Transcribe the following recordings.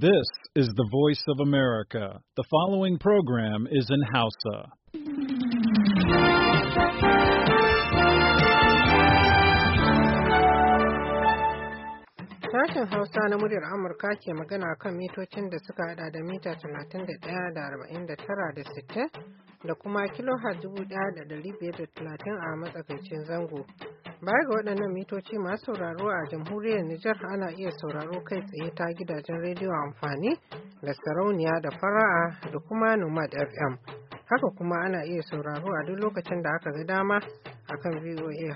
This is the voice of America. The following program is in Hausa. Sashen Hausa na muryar Amurka ke magana kan mitocin da suka hada da mita 31 da 49 da 60 da kuma kilo dubu da dari biyar da talatin a matsakaicin zango. Baya ga waɗannan mitoci masu sauraro a jamhuriyar Nijar ana iya sauraro kai tsaye ta gidajen rediyo amfani da sarauniya da fara'a da kuma Nomad FM. Haka kuma ana iya sauraro a duk lokacin da aka ga dama akan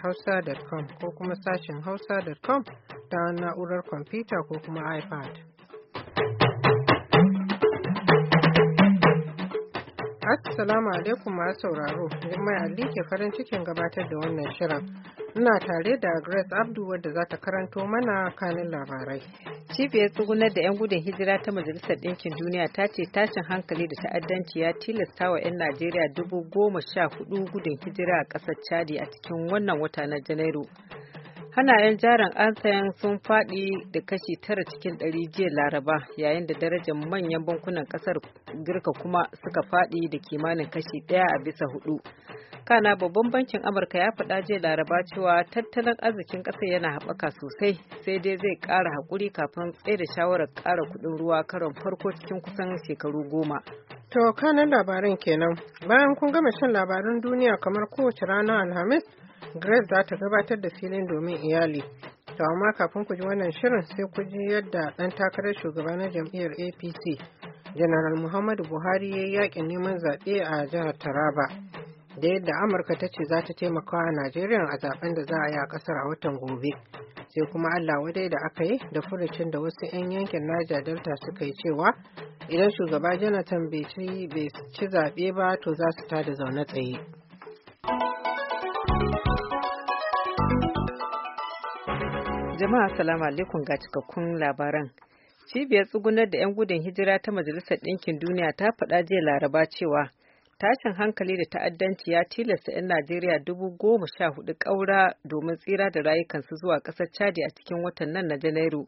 hausa.com ko kuma sashen hausa.com ta na'urar kwamfuta ko kuma iPad. Assalamu alaikum masu sauraro, Jummai Ali ke farin cikin gabatar da wannan shirin. Ina tare da Grace Abdu wadda za ta karanto mana kanin labarai. Cibiyar tsugunar da 'yan gudun hijira ta Majalisar Ɗinkin Duniya ta ce tashin hankali da ta'addanci ya tilasta wa 'yan Najeriya dubu goma sha hudu gudun hijira a ƙasar Chadi a cikin wannan wata na Janairu. hanayen jaran Ansan sun faɗi da kashi tara cikin ɗari jiya laraba yayin da darajar manyan bankunan ƙasar girka kuma suka faɗi da kimanin kashi ɗaya a bisa hudu kana babban bankin amurka ya faɗa jiya laraba cewa tattalin arzikin ƙasar yana haɓaka sosai sai dai zai ƙara haƙuri kafin tsaye da shawarar ƙara kuɗin ruwa karon farko cikin kusan shekaru goma to kanan labaran kenan bayan kun gama shan labarin duniya kamar kowace rana alhamis Grace za ta gabatar da filin domin iyali. da amma kafin ku ji wannan shirin sai ku ji yadda ɗan takarar shugaba na jam'iyyar APC, General Muhammadu Buhari ya yakin neman zaɓe a jihar Taraba. Da yadda Amurka ta ce za ta taimaka a Najeriya a zaben da za a yi a ƙasar a watan gobe. Sai kuma Allah wadai da aka yi da furucin da wasu 'yan yankin Naja Delta suka yi cewa idan shugaba Jonathan bai ci zaɓe ba to za su tada zaune tsaye. Jama'a salamu alaikum ga cikakkun labaran. Cibiyar tsugunar da 'yan gudun hijira ta Majalisar Ɗinkin Duniya ta faɗa jiya Laraba cewa tashin hankali da ta'addanci ya tilasta 'yan Najeriya dubu goma sha hudu ƙaura domin tsira da rayukansu zuwa ƙasar Chadi a cikin watan nan na Janairu.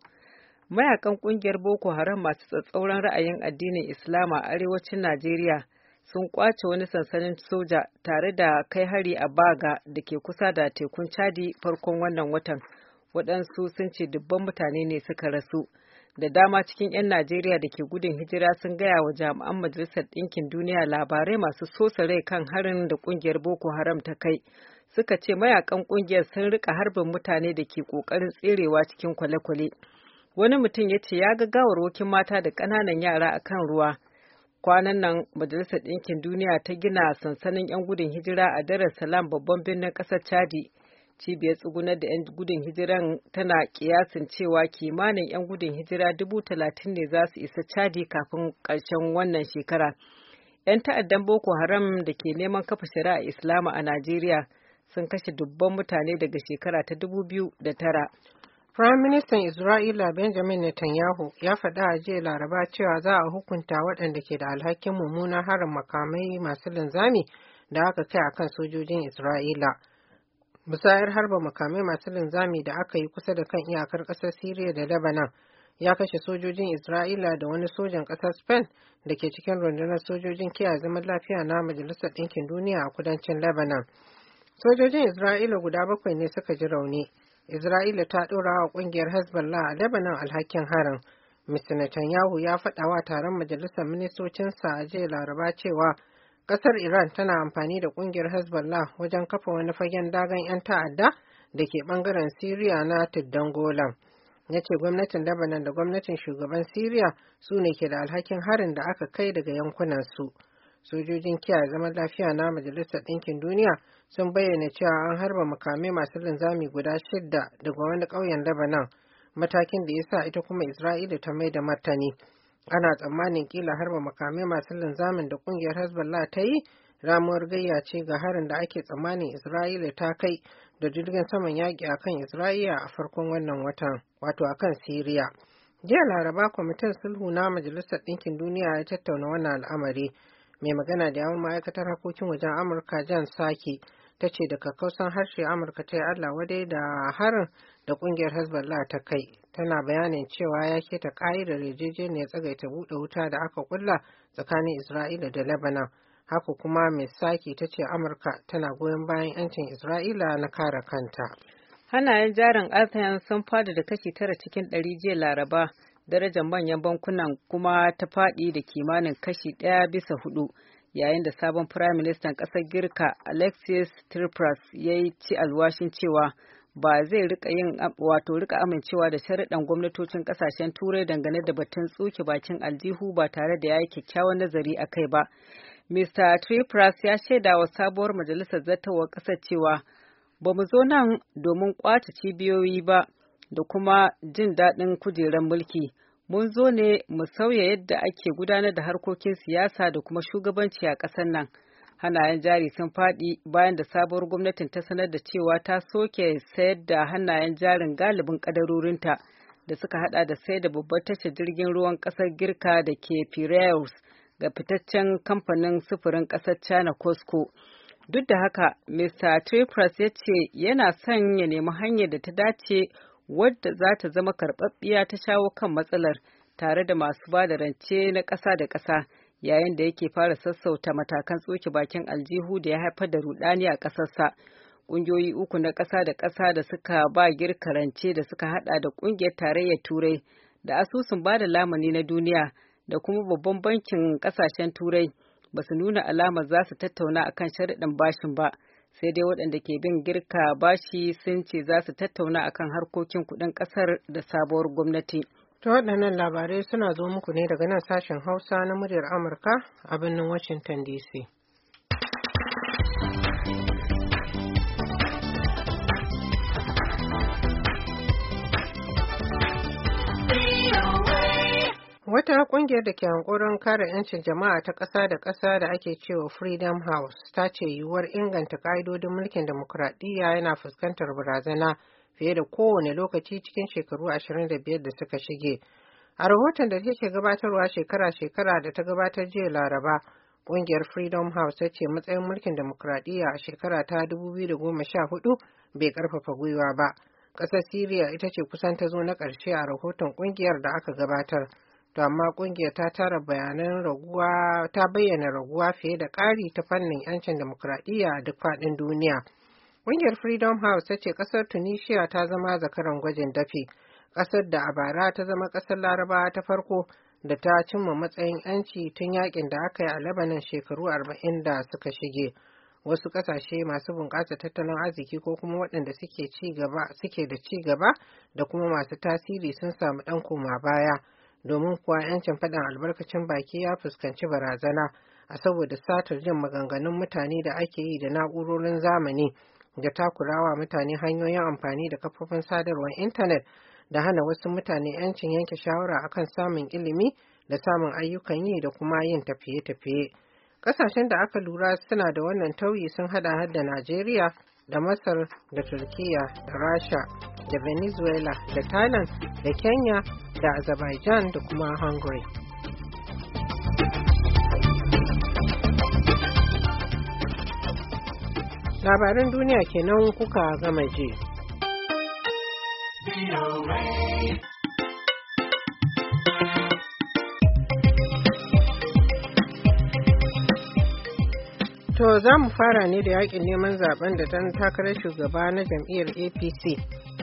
Mayakan ƙungiyar Boko Haram masu tsatsauran ra'ayin addinin Islam a arewacin Najeriya sun kwace wani sansanin soja tare da kai hari a Baga da ke kusa da tekun Chadi farkon wannan watan. waɗansu sun ce dubban mutane ne suka rasu da dama cikin 'yan najeriya da ke gudun hijira sun gaya wa jami'an majalisar ɗinkin duniya labarai masu sosa rai kan harin da ƙungiyar boko haram ta kai suka ce mayakan ƙungiyar sun rika harbin mutane da ke ƙoƙarin tserewa cikin kwale-kwale wani mutum ya ce ya ga gawarwakin mata da ƙananan yara a kan ruwa kwanan nan majalisar ɗinkin duniya ta gina sansanin 'yan gudun hijira a darar salam babban birnin ƙasar chadi cibiyar tsugunar da 'yan gudun hijiran tana kiyasin cewa kimanin 'yan gudun hijira dubu talatin ne za su isa cadi kafin karshen wannan shekara 'yan ta'addan boko haram da ke neman kafa shari'a islama a najeriya sun kashe dubban mutane daga shekara ta dubu biyu da tara. Prime Minister Isra'ila Benjamin Netanyahu ya faɗa a jiya Laraba cewa za a hukunta waɗanda ke da alhakin mummuna harin makamai masu linzami da aka kai akan sojojin Isra'ila. musayar harba makamai masu linzami da aka yi kusa da kan iyakar ƙasar Siriya da Lebanon ya kashe sojojin Isra'ila da wani sojan ƙasar Spain da ke cikin rundunar sojojin kiyaye zaman lafiya na Majalisar Ɗinkin Duniya a kudancin Lebanon. Sojojin Isra'ila guda bakwai ne suka ji rauni. Isra'ila ta ɗora wa ƙungiyar Hezbollah a Lebanon alhakin harin. Mr. Netanyahu ya faɗawa taron majalisar ministocinsa a jiya Laraba cewa Ƙasar Iran tana amfani da ƙungiyar Hezbollah wajen kafa wani fagen dagan 'yan ta'adda da ke ɓangaren Syria na tuddan Golan. Ya ce gwamnatin Lebanon da gwamnatin shugaban Syria su ne ke da alhakin harin da aka kai daga yankunan su. Sojojin kiyaye zaman lafiya na Majalisar Ɗinkin Duniya sun bayyana cewa an harba makamai masu linzami guda shidda daga wani ƙauyen Lebanon, matakin da ya sa ita kuma Isra'ila ta mai da martani. ana tsammanin kila harba makamai masu linzamin da kungiyar hezbollah ta yi ramuwar gayya ce ga harin da ake tsammanin isra'ila ta kai da jirgin saman yaƙi a kan isra'ila a farkon wannan watan wato a kan siriya jiya laraba kwamitin sulhu na majalisar ɗinkin duniya ya tattauna wannan al'amari mai magana da yawon ma'aikatar harkokin wajen amurka jan saki ta ce daga kausan harshe amurka ta yi allah wadai da harin da kungiyar hezbollah ta kai tana bayanin cewa ya keta ƙa'idar yarjejeniyar tsagaita buɗe wuta da aka kulla tsakanin isra'ila da lebanon haka kuma mai saki ta ce amurka tana goyon bayan 'yancin isra'ila na kare kanta hanayen jarin arthur sun fada da kashi tara cikin ɗari jiya laraba darajar manyan bankunan kuma ta faɗi da kimanin kashi ɗaya bisa hudu yayin da sabon firaministan ƙasar girka alexis tripras ya yi ci alwashin cewa ba zai rika yin wato rika amincewa da sharuɗan gwamnatocin ƙasashen turai dangane da batun tsuke bakin aljihu ba tare da ya yi kyakkyawan nazari a kai ba. Mr. Tripras ya shaida wa sabuwar majalisar zartawar ƙasar cewa ba mu zo nan domin ƙwace cibiyoyi ba da kuma jin daɗin kujerar mulki. Mun zo ne mu sauya yadda ake gudanar da harkokin siyasa da kuma shugabanci a ƙasar nan. hannayen jari sun faɗi bayan da sabuwar gwamnatin ta sanar da cewa ta soke sayar da hannayen jarin galibin kadarorinta da suka hada da sai da babbar tashar jirgin ruwan kasar girka da ke piraeus ga fitaccen kamfanin sufurin kasar china cosco. duk da haka mr tripras ya ce yana son ya nemi hanyar da ta dace wadda za ta zama karɓaɓɓiya ta shawo kan matsalar tare da masu ba da rance na ƙasa da ƙasa. yayin da yake fara sassauta matakan tsoke bakin aljihu da ya haifar da rudani a ƙasarsa. Ƙungiyoyi uku na ƙasa da ƙasa da suka ba girkarance da suka hada da ƙungiyar tarayyar Turai da asusun ba da lamuni na duniya da kuma babban bankin ƙasashen Turai ba su nuna alamar za su tattauna akan sharaɗin bashin ba. sai dai waɗanda ke bin girka bashi sun ce za su tattauna akan harkokin kuɗin ƙasar da sabuwar gwamnati. Ta waɗannan labarai suna zo muku ne daga nan sashen Hausa na muryar Amurka a birnin Washington DC. Wata ƙungiyar da ke hankoron kare 'yancin jama'a ta ƙasa da ƙasa da ake cewa Freedom House ta ce yiwuwar inganta ƙa'idodin mulkin demokuraɗiyya yana fuskantar barazana fiye da kowane lokaci cikin shekaru ashirin da biyar da suka shige. A rahoton da take gabatarwa shekara-shekara da ta gabatar jiya Laraba, ƙungiyar Freedom House ta ce matsayin mulkin demokuraɗiyya a shekara ta 2014 bai ƙarfafa gwiwa ba. Ƙasar Siriya ita ce kusan ta zo na ƙarshe a rahoton ƙungiyar da aka gabatar. To amma ƙungiyar ta tara bayanan raguwa ta bayyana raguwa fiye da ƙari ta fannin 'yancin demokuraɗiyya a duk faɗin duniya. Ƙungiyar Freedom House ta ce ƙasar Tunisia ta zama zakaran gwajin dafi, ƙasar da a bara ta zama ƙasar Laraba ta farko da ta cimma matsayin 'yanci tun yakin da aka yi a Lebanon shekaru arba'in da suka shige. Wasu ƙasashe masu bunƙasa tattalin arziki ko kuma waɗanda suke suke da ci gaba da kuma masu tasiri sun samu ɗan koma baya. domin kuwa 'yancin faɗin albarkacin baki ya fuskanci barazana a saboda satar jin maganganun mutane da ake yi da na'urorin zamani da takurawa mutane hanyoyin amfani da kafofin sadarwar intanet da hana wasu mutane 'yancin yanke shawara akan samun ilimi da samun ayyukan yi da kuma yin tafiye-tafiye. Ƙasashen da aka lura suna da wannan tauyi sun hada har da Najeriya da Masar da Turkiya da Rasha da Venezuela da Thailand da Kenya da Azerbaijan da kuma Hungary. labaran duniya kenan kuka gama je. To za mu fara ne da yakin neman zaben da dan takarar shugaba na jam'iyyar APC,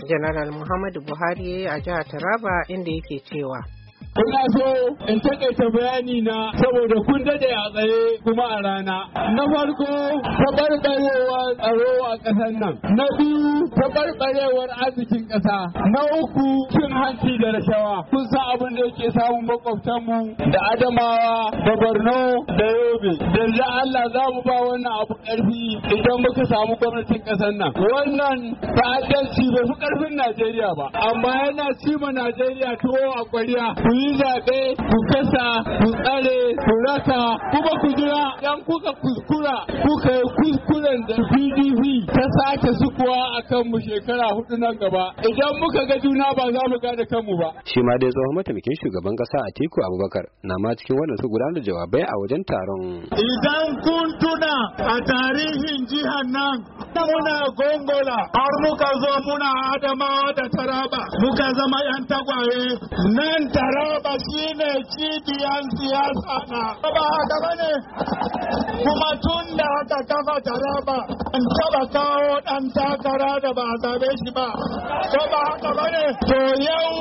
General Muhammadu Buhari ya yi a jihar Taraba inda yake cewa. Kuna so in takaita bayani na saboda kun dade a tsaye kuma a rana. Na farko taɓarɓarewar tsaro a ƙasar nan. Na biyu barewar arzikin ƙasa. Na uku cin hanci da rashawa. Kun san abin da yake samun makwabtanmu da Adamawa da Borno da Yobe. Da Allah za mu ba wannan abu ƙarfi idan muka samu gwamnatin ƙasar nan. Wannan ta'addanci bai fi ƙarfin Najeriya ba. Amma yana ci ma Najeriya tuwo a kwariya. Ku yi zaɓe, ku kasa, ku tsare, ku raka, kuma ku jira. Idan kuka kuskura, kuka yi kuskuren da PDP ta sake sukuwa a kan kanmu shekara hudu nan gaba idan muka ga juna ba za mu gane kanmu ba shi ma dai tsohon mataimakin shugaban kasa Atiku Abubakar na ma cikin wannan su gudanar jawabai a wajen taron idan kun tuna a tarihin jihar nan muna gongola har muka zo muna adamawa da taraba muka zama yan tagwaye nan taraba shine cibiyan siyasa na ba haka bane kuma tun da haka kafa taraba an taba kawo dan takara da ba a same shi ba ko ba haka ba ne to yau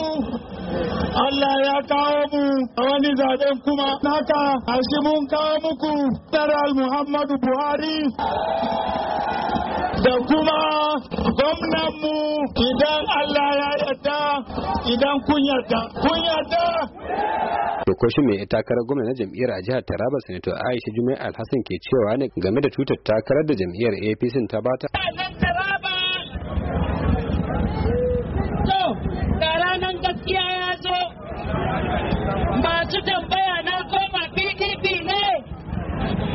Allah ya kawo mu a wani zaben kuma naka a shi mun kawo muku General Muhammadu Buhari da kuma gwamnanmu idan Allah ya yarda idan kun yarda kun yarda to mai takarar gwamna na jam'iyyar a jihar Taraba Sanato Aisha Jumai Alhassan ke cewa ne game da tutar takarar da jam'iyyar APC ta bata. Taraba masu tambaya na koma pdp ne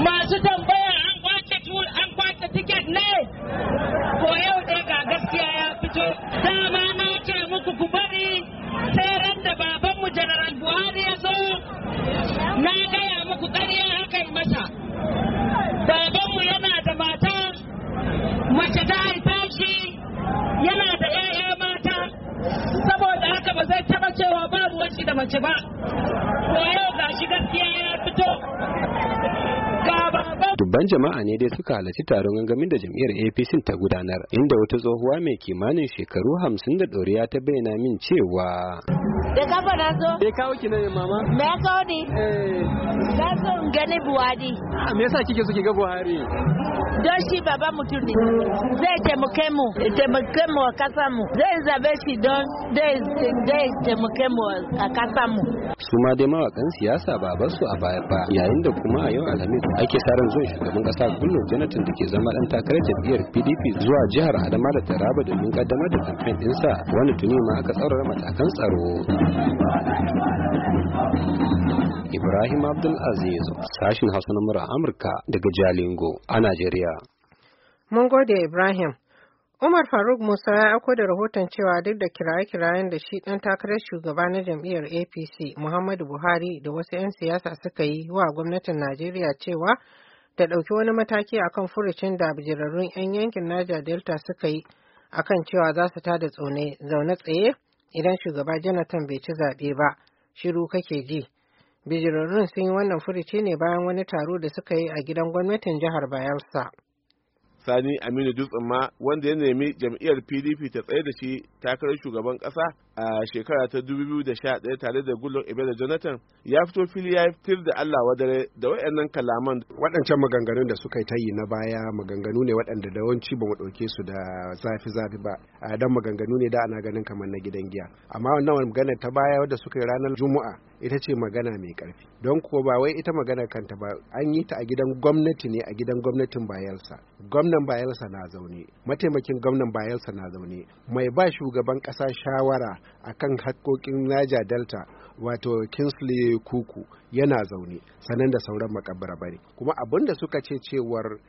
masu tambaya an kwace tool an kwace ticket ne ko yau dai ga gaskiya ya fito dama na ce muku ku bari sai ran da babanmu general buhari ya zo na gaya muku karya haka yi masa babanmu yana da mata mace ta haifa yana da 'ya'ya saboda haka ba zai taba cewa ba ruwa shi da mace ba ko yau ga shi gaskiya ya fito Dubban jama'a ne dai suka halarci taron gangamin da jam'iyyar APC ta gudanar, inda wata tsohuwa mai kimanin shekaru hamsin da ɗoriya ta bayyana min cewa. Da kafa na zo. Me kawo ki nan mama? Me ya kawo ni? Eh. Na so in gani Buhari. Ah, me yasa kike so ki ga Buhari? Don shi baba mutum ne. Zai taimake mu, taimake mu a kasa mu. Zai zabe shi don zai taimake mu a kasa mu. Su ma dai mawakan siyasa ba bar su a baya ba yayin da kuma a yau Alhamis ake saran zuwa shugaban kasa Gullo Jonathan da ke zama dan takarar jam'iyyar PDP zuwa jihar Adama da Taraba domin kaddamar da kamfen ɗinsa wani tuni ma aka tsaurara matakan tsaro. Ibrahim Abdulaziz sashin Hausa na mura Amurka daga Jalingo a Najeriya. Mun gode Ibrahim. Umar Faruk Musa ya aiko da rahoton cewa duk da kiraye-kirayen da shi ɗan takarar shugaba na jam'iyyar APC Muhammadu Buhari da wasu 'yan siyasa suka yi wa gwamnatin Najeriya cewa ta ɗauki wani mataki akan furucin da bijirarrun 'yan yankin Niger Delta suka yi akan cewa za su tada zaune tsaye. idan shugaba Jonathan bai ci zaɓe ba, shiru kake ji. Bijirarrun sun yi wannan furici ne bayan wani taro da suka yi a gidan gwamnatin jihar Bayelsa. Sani Aminu Dutsen ma wanda ya nemi jam'iyyar PDP ta tsaye da shi takarar shugaban ƙasa a shekara ta 2011 tare da Goodluck da Jonathan ya fito fili ya fitar da Allah wadare da wayannan kalaman waɗancan maganganun da suka ta tayi na baya maganganu ne waɗanda da yawanci ba ɗauke su da zafi zafi ba dan maganganu ne da ana ganin kamar na gidan giya amma wannan maganar ta baya wadda suka yi ranar Juma'a ita ce magana mai ƙarfi don kuwa ba wai ita magana kanta ba an yi ta a gidan gwamnati ne a gidan gwamnatin bayelsa gwamnan bayelsa na zaune mataimakin gwamnan bayelsa na zaune mai ba shugaban ƙasa shawara akan haƙoƙin Naja Delta wato Kinsley Kuku yana zaune sanan da sauran makabara bane kuma abin da suka ce cewar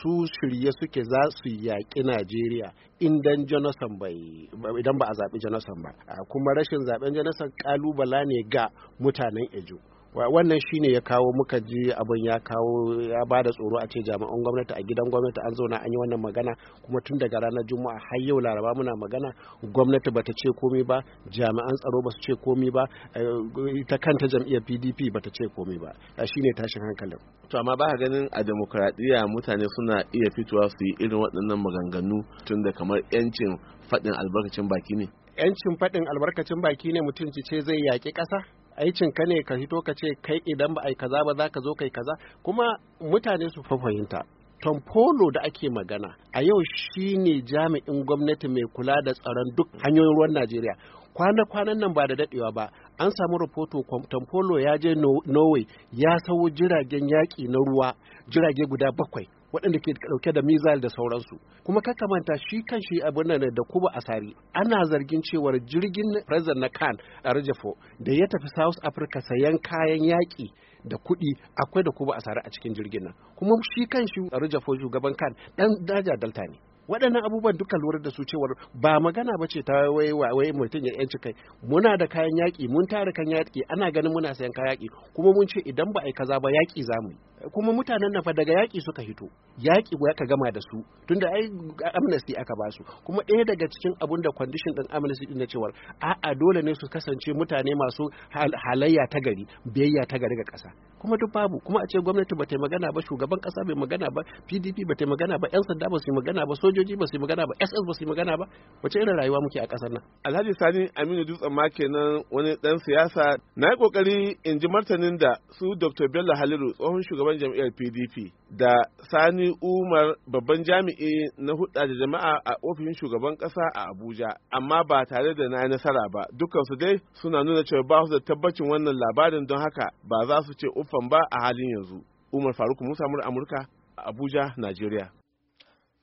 su shirye suke za su yaƙi Najeriya idan Jonathan bai idan ba a zaɓi Jonathan ba kuma rashin zaɓen Jonathan ƙalubala ne ga mutanen Ejo wannan shine ya kawo muka ji abin ya kawo ya ba da tsoro a ce jami'an gwamnati a gidan gwamnati an zauna an yi wannan magana kuma tun daga ranar juma'a har yau laraba muna magana gwamnati bata ce komi ba jami'an tsaro ba su ce komi ba eh, ta kanta jam'iyyar pdp bata ce komi ba shine tashin hankalin to amma ba ganin a demokradiyya mutane suna iya fitowa su yi irin waɗannan maganganu tun da kamar 'yancin faɗin albarkacin baki ne 'yancin faɗin albarkacin baki ne mutum ce zai yaƙi ƙasa aicin ka ne ka fito ka ce kai idan ba ai kaza ba za ka zo kai kaza kuma mutane su fahimta Tom Polo da ake magana a yau shi ne jami'in gwamnati mai kula da tsaron duk hanyoyin ruwan Najeriya. Kwana-kwanan nan ba da daɗewa ba, an samu rahoto Tom ya je Norway ya sayo jiragen yaƙi na ruwa jirage guda bakwai waɗanda ke ɗauke da mizal da sauransu kuma ka kamanta shi kan shi abin nan da kuba asari ana zargin cewar jirgin president na kan a rajafo da ya tafi south africa sayan kayan yaƙi da kuɗi akwai da kuba asari a cikin jirgin nan kuma shi kan shi a rajafo shugaban kan ɗan daja delta ne waɗannan abubuwan duka lura da su cewar ba magana ba ce ta wai mutum ya yanci kai muna da kayan yaƙi mun tara kan yaƙi ana ganin muna sayan kayan yaƙi kuma mun ce idan ba a yi kaza ba yaƙi za mu yi kuma mutanen nan fa daga yaƙi suka hito yaƙi ya ka gama da su tunda ai amnesty aka ba su kuma ɗaya daga cikin abun da condition din amnesty din na cewar a dole ne su kasance mutane masu halayya ta gari biyayya ta gari ga ƙasa kuma duk babu kuma a ce gwamnati ba ta magana ba shugaban ƙasa bai magana ba PDP ba ta magana ba yan sanda ba su magana ba sojoji ba su magana ba SS ba su magana ba wace irin rayuwa muke a ƙasar nan Alhaji Sani Aminu Dutsen ma kenan wani dan siyasa na yi kokari in ji martanin da su Dr. Bello Haliru tsohon shugaban shugaban jam'iyyar pdp da sani umar babban jami'i na hudda da jama'a a ofishin shugaban kasa a abuja amma ba tare da na nasara ba dukansu dai suna nuna cewa ba su da tabbacin wannan labarin don haka ba za su ce uffan ba a halin yanzu umar faruk musa amurka a abuja najeriya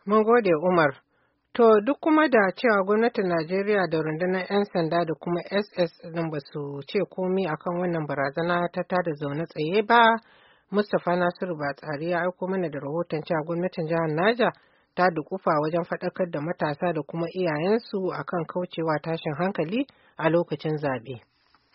mun gode umar To duk kuma da cewa gwamnatin Najeriya da rundunar 'yan sanda da kuma SS din ba su ce komi akan wannan barazana ta tada zaune tsaye ba Mustapha Nasiru Batsari ya aiko mana da rahoton cewa gwamnatin jihar Naja ta dukufa wajen faɗakar da matasa da kuma iyayensu a kan kaucewa tashin hankali a lokacin zaɓe.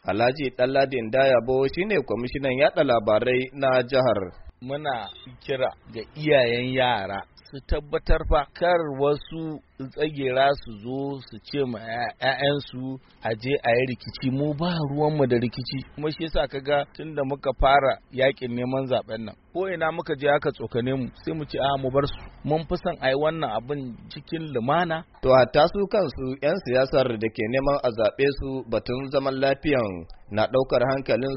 Alhaji Ɗanladin Dayabo ne kwamishinan yaɗa labarai na jihar. Muna kira ga iyayen yara su tabbatar fa kar wasu tsagera su zo su ce ma 'ya'yansu a je a yi rikici mu ba ruwanmu da rikici kuma shi yasa kaga tun da muka fara yakin neman zaben nan ko ina muka je aka tsokane mu sai mu ce a mu bar su mun fi son a yi wannan abin cikin lumana to hatta su kansu 'yan siyasar da ke neman a zaɓe su batun zaman lafiyan na ɗaukar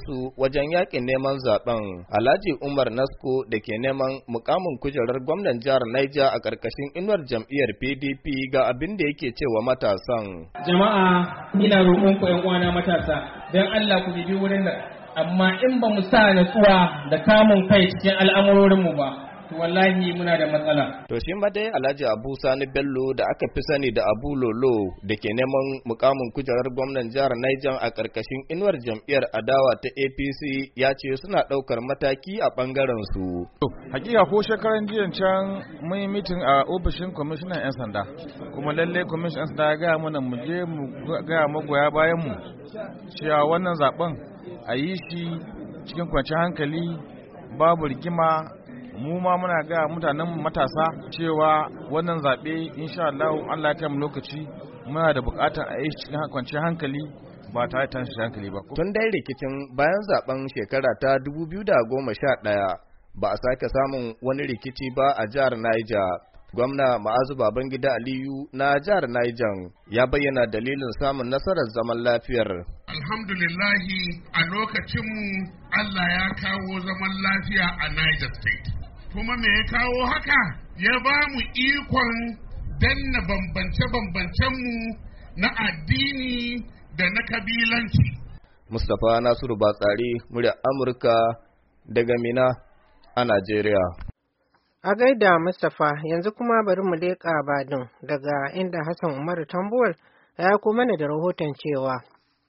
su wajen yakin neman zaben alhaji umar nasko da ke neman mukamin kujerar gwamnan jihar niger a ƙarƙashin inuwar jam'iyyar pdp korafi ga abin da yake cewa matasan. Jama'a ina roƙon ku uwana matasa don Allah ku bibi wurin nan. Amma in ba mu sa natsuwa da kamun kai cikin al'amurorinmu ba, to wallahi muna da matsala. To shi ma dai Alhaji Abu Sani Bello da aka fi sani da Abu Lolo da ke neman mukamin kujerar gwamnan jihar Niger a karkashin inuwar jam'iyyar adawa ta APC ya ce suna ɗaukar mataki a ɓangaren su. Hakika ko shekaran jiya can mun yi mitin a ofishin kwamishinan 'yan sanda kuma lalle kwamishinan 'yan sanda ya mana mu je mu gaya magoya bayan mu cewa wannan zaben a yi shi cikin kwanciyar hankali babu rigima mu ma muna ga mutanen matasa cewa wannan zaɓe insha Allah Allah ya lokaci muna da buƙatar a yi cikin kwanciyar hankali ba ta da shi hankali ba. Tun dai rikicin bayan zaben shekara ta 2011 ba a sake samun wani rikici ba a jihar Niger. gwamna ma'azu babangida aliyu na jihar Niger ya bayyana dalilin samun nasarar zaman lafiyar alhamdulillahi a lokacin mu allah ya kawo zaman lafiya a niger state kuma me ya kawo haka ya ba mu ikon danna bambance-bambancenmu na addini da na kabilanci. Mustapha Nasiru Batsari, murya Amurka daga Mina a Najeriya. A gaida Mustapha yanzu kuma bari mu leƙa badin daga inda Hassan Umaru Tambuwal ya kuma mana da rahoton cewa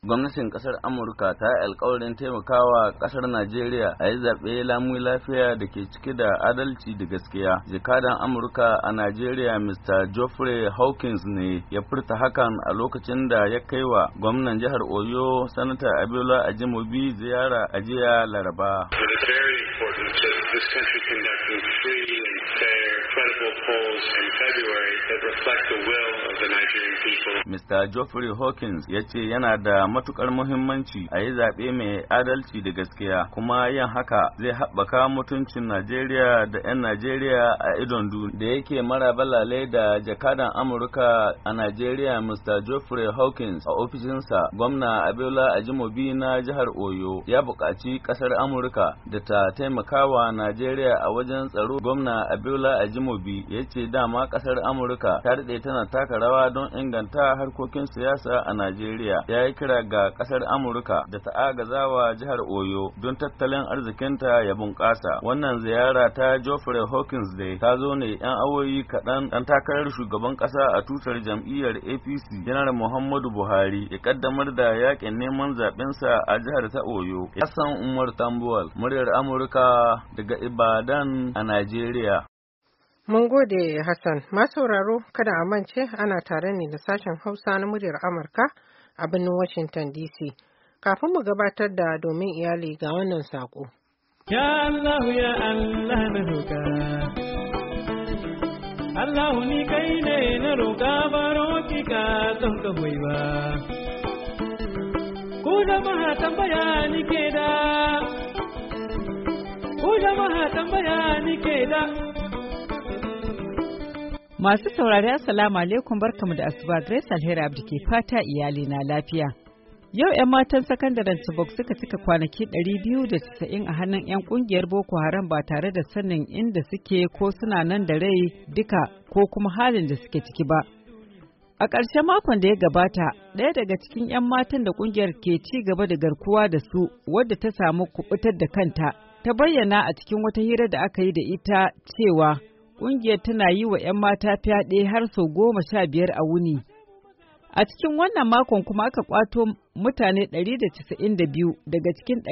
gwamnatin ƙasar amurka ta yi alkawarin taimakawa ƙasar najeriya a yi zaɓe lamu lafiya da ke cike da adalci da gaskiya jikadan amurka a najeriya mr geoffrey hawkins ne ya furta hakan a lokacin da ya kai wa gwamnan jihar oyo sanata abiola ajimobi ziyara a jiya laraba This country conducting free several polls in February that reflect the will of the Nigerian people. Mr. Geoffrey Hawkins ya ce yana da matukar muhimmanci a yi zaɓe mai adalci da gaskiya kuma yan haka zai haɓaka mutuncin Najeriya da 'yan Najeriya a idon duniya. Da yake mara balale da jakadan Amurka a Najeriya Mr. Geoffrey Hawkins a ofishinsa gwamna Abiola Ajimobi na jihar Oyo ya buƙaci ƙasar Amurka da ta taimakawa Najeriya a wajen tsaro gwamna Abiola Ajimobi Nairobi ya ce dama kasar Amurka ta daɗe tana taka rawa don inganta harkokin siyasa a Najeriya. Ya yi kira ga kasar Amurka da ta agazawa jihar Oyo don tattalin arzikinta ya bunƙasa. Wannan ziyara ta Geoffrey Hawkins Day ta zo ne 'yan awoyi kaɗan ɗan takarar shugaban ƙasa a tutar jam'iyyar APC Janar Muhammadu Buhari ya kaddamar da yakin neman zaɓensa a jihar ta Oyo. Hassan Umar Tambuwal, muryar Amurka daga Ibadan a Najeriya. Mun gode Hassan, masauraro kada a mance ana tare ne da sashen Hausa na muryar Amurka a birnin Washington DC. Kafin mu gabatar da domin iyali ga wannan saƙo. Ya Allah ya Allah na roƙa. Allah ni kai ne na roƙa baro ki ka don ka ba. Ku jama'a tambaya ni ke da. Ku jama'a tambaya ni ke da. Masu saurari Assalamu alaikum barkamu da asuba Grace Alheri Abdi ke fata iyali na lafiya. Yau 'yan matan sakandaren Tsibok suka cika kwanaki 290 a hannun 'yan kungiyar Boko Haram ba tare da sanin inda suke ko suna nan da rai duka ko kuma halin da suke ciki ba. A ƙarshen makon da ya gabata, ɗaya daga cikin 'yan matan da kungiyar ke ci gaba da garkuwa da su wadda ta samu kuɓutar da kanta, ta bayyana a cikin wata hira da aka yi da ita cewa ƙungiyar tana yi wa 'yan mata fyaɗe har sau goma sha biyar a wuni. A cikin wannan makon kuma aka kwato mutane da da casa'in biyu daga cikin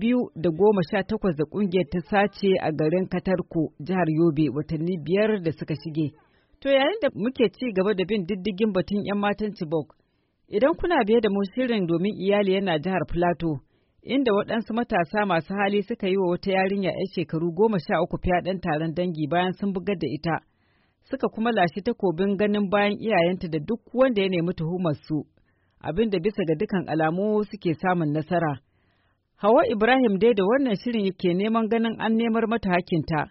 biyu da goma sha takwas da ƙungiyar ta sace a garin Katarko, jihar Yobe, watanni biyar da suka shige. To yayin da muke ci gaba da bin diddigin batun 'yan matan Chibok, idan kuna biye da mu shirin domin iyali yana jihar Plateau. inda waɗansu matasa masu hali suka yi wa wata yarinya 'yar shekaru goma sha uku fyaɗen taron dangi bayan sun bugar da ita suka kuma lashe takobin ganin bayan iyayenta da duk wanda ya nemi tuhumar su abinda bisa ga dukkan alamu suke samun nasara hawa ibrahim dai da wannan shirin yake neman ganin an nemar mata hakinta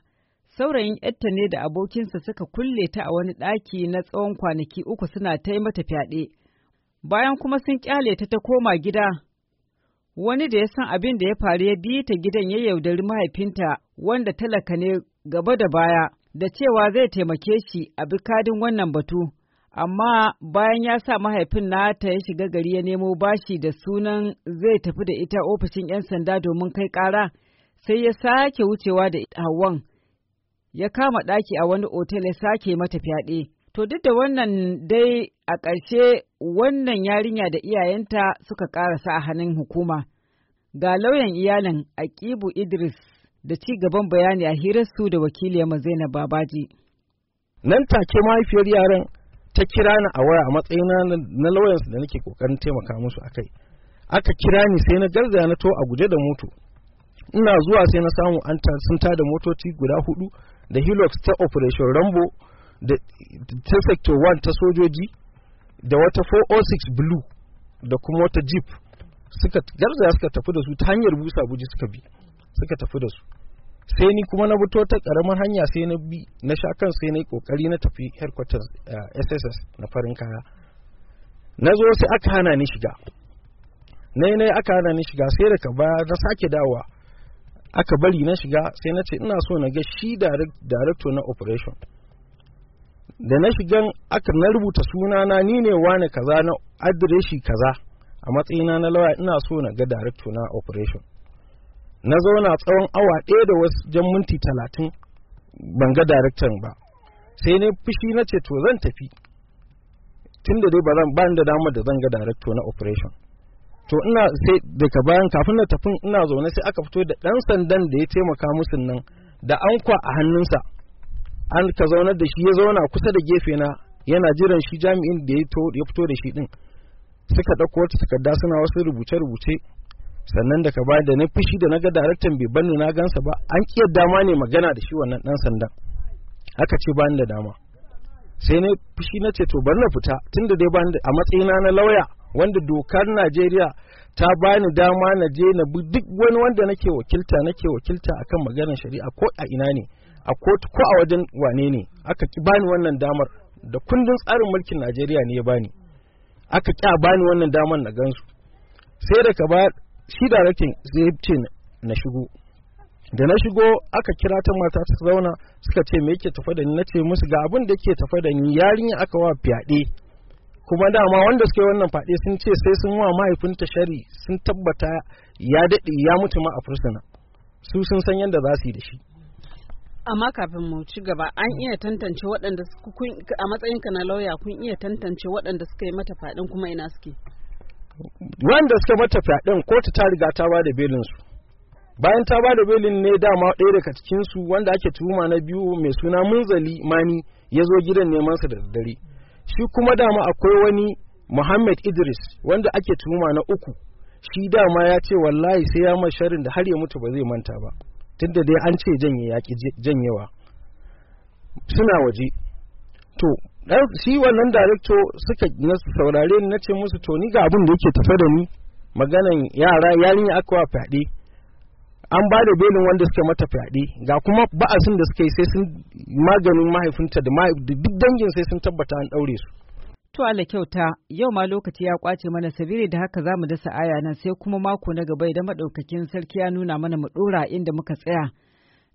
saurayin yarta ne da abokinsa suka kulle ta a wani ɗaki na tsawon kwanaki uku suna ta mata fyaɗe bayan kuma sun kyale ta ta koma gida wani da ya san abin da ya faru ya bi ta gidan ya yaudari mahaifinta wanda talaka ne gaba da baya da cewa zai taimake shi a bikadin wannan batu amma bayan ya sa mahaifin nata ya shiga gari ya nemo bashi da sunan zai tafi da ita ofishin 'yan sanda domin kai kara sai ya sake wucewa da hawan ya kama daki a wani otel ya sake mata fyaɗe to duk da wannan dai a ƙarshe wannan yarinya da iyayenta suka karasa a hannun hukuma. Ga lauyan iyalin Akibu Idris da ci gaban bayani a hirarsu da wakiliyar Zainab Babaji. Nan take mahaifiyar yaran ta kira ni a waya a matsayin na lauyansu da nake kokarin taimaka musu akai. Aka kira ni sai na garzaya na to a guje da moto. Ina zuwa sai na samu an sun da motoci guda hudu da Hilux ta Operation Rambo da ta Sector 1 ta sojoji da wata 406 blue da kuma wata jeep suka garzaya suka tafi da su ta hanyar busa buji suka bi suka tafi da su sai ni kuma na fito ta karamar hanya sai na bi na sha kan sai na kokari na tafi headquarters SSS eh, na farin kaya na zo sai aka hana ni shiga na yi aka hana ni shiga sai daga baya na sake dawa aka bari na shiga sai na ce ina so na ga shi director na operation da na shigan aka na rubuta sunana ni ne wani kaza na adireshi kaza a matsayina na lawa ina so na ga director na operation na zauna tsawon awa ɗaya da wasu jan minti talatin ban ga director ba sai ne fushi na ce to zan tafi tun da dai ba zan da damar da zan ga director na operation to ina sai daga bayan kafin na tafin ina zaune sai aka fito da ɗan sandan da ya taimaka musu nan da ankwa a hannunsa an ka zaunar da shi ya zauna kusa da gefe na yana jiran shi jami'in da ya fito da shi din suka ɗauko wata takarda suna wasu rubuce-rubuce sannan daga baya da na fushi da na ga daraktan bai bani na gansa ba an yadda dama ne magana da shi wannan dan sandan Haka ce bani da dama sai na fushi na ce to bar na fita tunda dai bani a matsayina na lauya wanda dokar Najeriya ta bani dama na je na bi duk wani wanda nake wakilta nake wakilta akan maganar shari'a ko a ina ne a kotu ko a wajen wane ne aka ki bani wannan damar da kundin tsarin mulkin Najeriya ne ya bani aka a bani wannan damar na gansu sai da ka ba shi rakin zai ce na shigo da na shigo aka kira ta mata ta zauna suka ce me yake tafa da ni nace musu ga abin da yake tafa da ni yarinya aka wa fyaɗe kuma dama wanda suka yi wannan fyaɗe sun ce sai sun wa mahaifinta shari sun tabbata ya daɗe ya mutu ma a fursuna su sun san yadda za su yi da shi amma kafin mu ci gaba an iya tantance waɗanda a matsayin ka na lauya kun iya tantance waɗanda suka yi mata fadin kuma ina suke wanda suka mata fadin kotu ta riga ta bada belin su bayan ta bada belin ne dama ɗaya daga cikin su wanda ake tuhuma na biyu mai suna munzali mani ya zo gidan neman sa da daddare shi kuma dama akwai wani Muhammad Idris wanda ake tuhuma na uku shi dama ya ce wallahi sai ya masharin da har ya mutu ba zai manta ba tun da dai an ce janye yaƙi janyewa suna waje to shi wannan darekto suka na saurare na ce musu to ni ga abin da yake tafe da ni maganan yara yarinya akwa fyaɗe an ba da belin wanda suka mata fyaɗe ga kuma ba'asin da suka yi sai sun maganin mahaifinta da duk dangin sai sun tabbata an ɗaure su To Allah kyauta yau ma lokaci ya kwace mana sabiri da haka za mu dasa aya nan sai kuma mako na gaba idan maɗaukakin sarki ya nuna mana mu ɗora inda muka tsaya.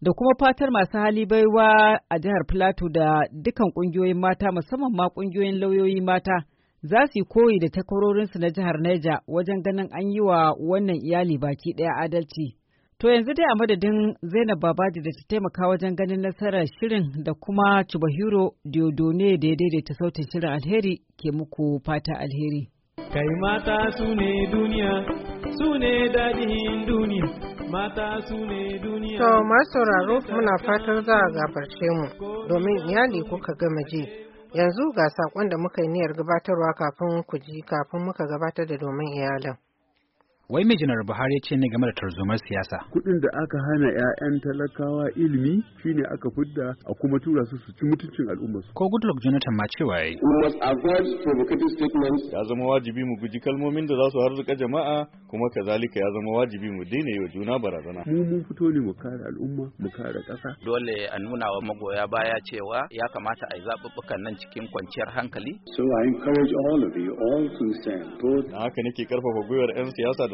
Da kuma fatar masu hali baiwa a jihar plateau da dukan ƙungiyoyin mata musamman ma kungiyoyin lauyoyi mata za su yi koyi da takwarorinsu na jihar niger wajen ganin an yi wa wannan iyali baki daya adalci. To yanzu dai a madadin Zainab Babaji da ta taimaka wajen ganin nasarar shirin da kuma Chubahiro Diodone da ya daidaita sautin shirin alheri ke muku fata alheri. Kai mata su ne duniya, su ne daɗin duniya, mata su ne duniya. To masu sauraro muna fatar za a gabarce mu domin iyali kuka gama ji. Yanzu ga saƙon da muka yi niyyar gabatarwa kafin ku ji kafin muka gabatar da domin iyalin. Wai mai janar Buhari ce ne game da tarzomar siyasa. Kuɗin da aka hana 'ya'yan talakawa ilimi shine aka fidda a kuma tura su su ci mutuncin al'ummarsu. Ko Goodluck Jonathan ma cewa yayi. We must avoid provocative statements. Ya zama wajibi mu guji kalmomin da za su harzuka jama'a kuma kazalika ya zama wajibi mu daina yi wa juna barazana. Mu mun fito ne mu kare al'umma mu kare ƙasa. Dole a nuna wa magoya baya cewa ya kamata a yi zaɓuɓɓukan nan cikin kwanciyar hankali. So I encourage all of you all to stand. Na haka nake karfafa gwiwar 'yan siyasa da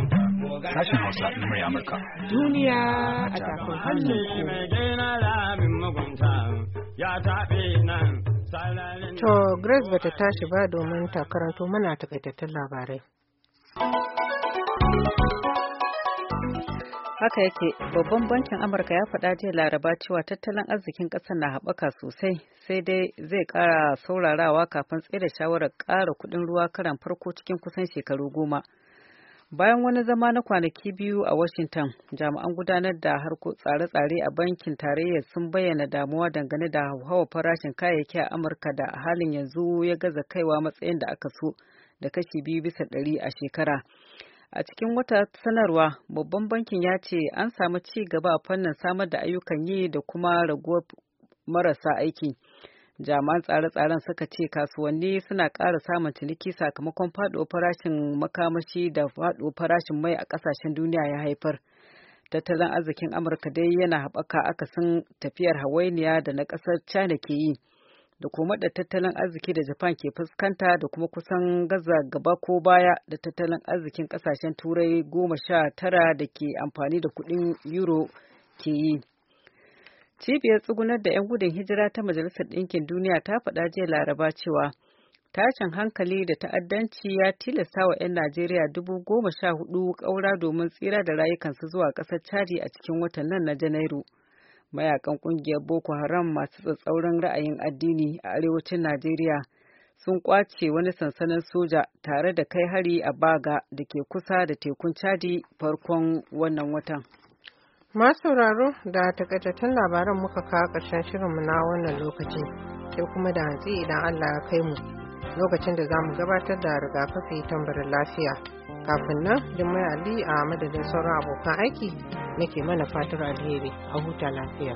Sashen Hausa na murya Amurka. Duniya a takon hannun To Grace bata tashi ba domin ta mana takaitattun labarai. haka yake babban bankin amurka ya faɗa jiya laraba cewa tattalin arzikin ƙasar na haɓaka sosai sai dai zai ƙara saurarawa kafin tsere shawarar ƙara kuɗin ruwa karan farko cikin kusan shekaru goma bayan wani zama na kwanaki biyu a washington jami'an gudanar da tsare-tsare a bankin tarayya sun bayyana damuwa dangane da hauhawar farashin kayayyaki a amurka da a halin yanzu ya gaza kaiwa matsayin da aka so da kashi biyu bisa ɗari a shekara a cikin wata sanarwa babban bankin ya ce an samu ci gaba a fannin samar da ayyukan yi da kuma raguwar marasa aiki jami'an tsare-tsaren suka ce kasuwanni suna ƙara samun ciniki sakamakon faɗo farashin makamashi da faɗo farashin mai a ƙasashen duniya ya haifar tattalin arzikin amurka dai yana haɓaka akasin tafiyar hawainiya da na ƙasar china ke yi da kuma da tattalin arziki da japan ke fuskanta da kuma kusan gaza gaba ko baya da tattalin arzikin ƙasashen turai goma sha tara da ke amfani da kuɗin euro ke yi Cibiyar tsugunar da 'yan gudun hijira ta Majalisar Ɗinkin Duniya ta faɗa jiya Laraba cewa tashin hankali da ta'addanci ya tilasta wa 'yan Najeriya dubu goma sha hudu ƙaura domin tsira da rayukansu zuwa ƙasar Chadi a cikin watan nan na Janairu. Mayakan ƙungiyar Boko Haram masu tsatsauran ra'ayin addini a arewacin Najeriya sun kwace wani sansanin soja tare da kai hari a Baga da ke kusa da tekun Chadi farkon wannan watan. Masu sauraro da takaitattun labaran muka kawo ƙarshen shirinmu na wannan lokacin sai kuma da hantsi idan Allah ya kai mu lokacin da za mu gabatar da rigakafi tambarin lafiya. Kafin nan, jimai Ali a madadin sauran abokan aiki nake mana fatar alheri a huta lafiya.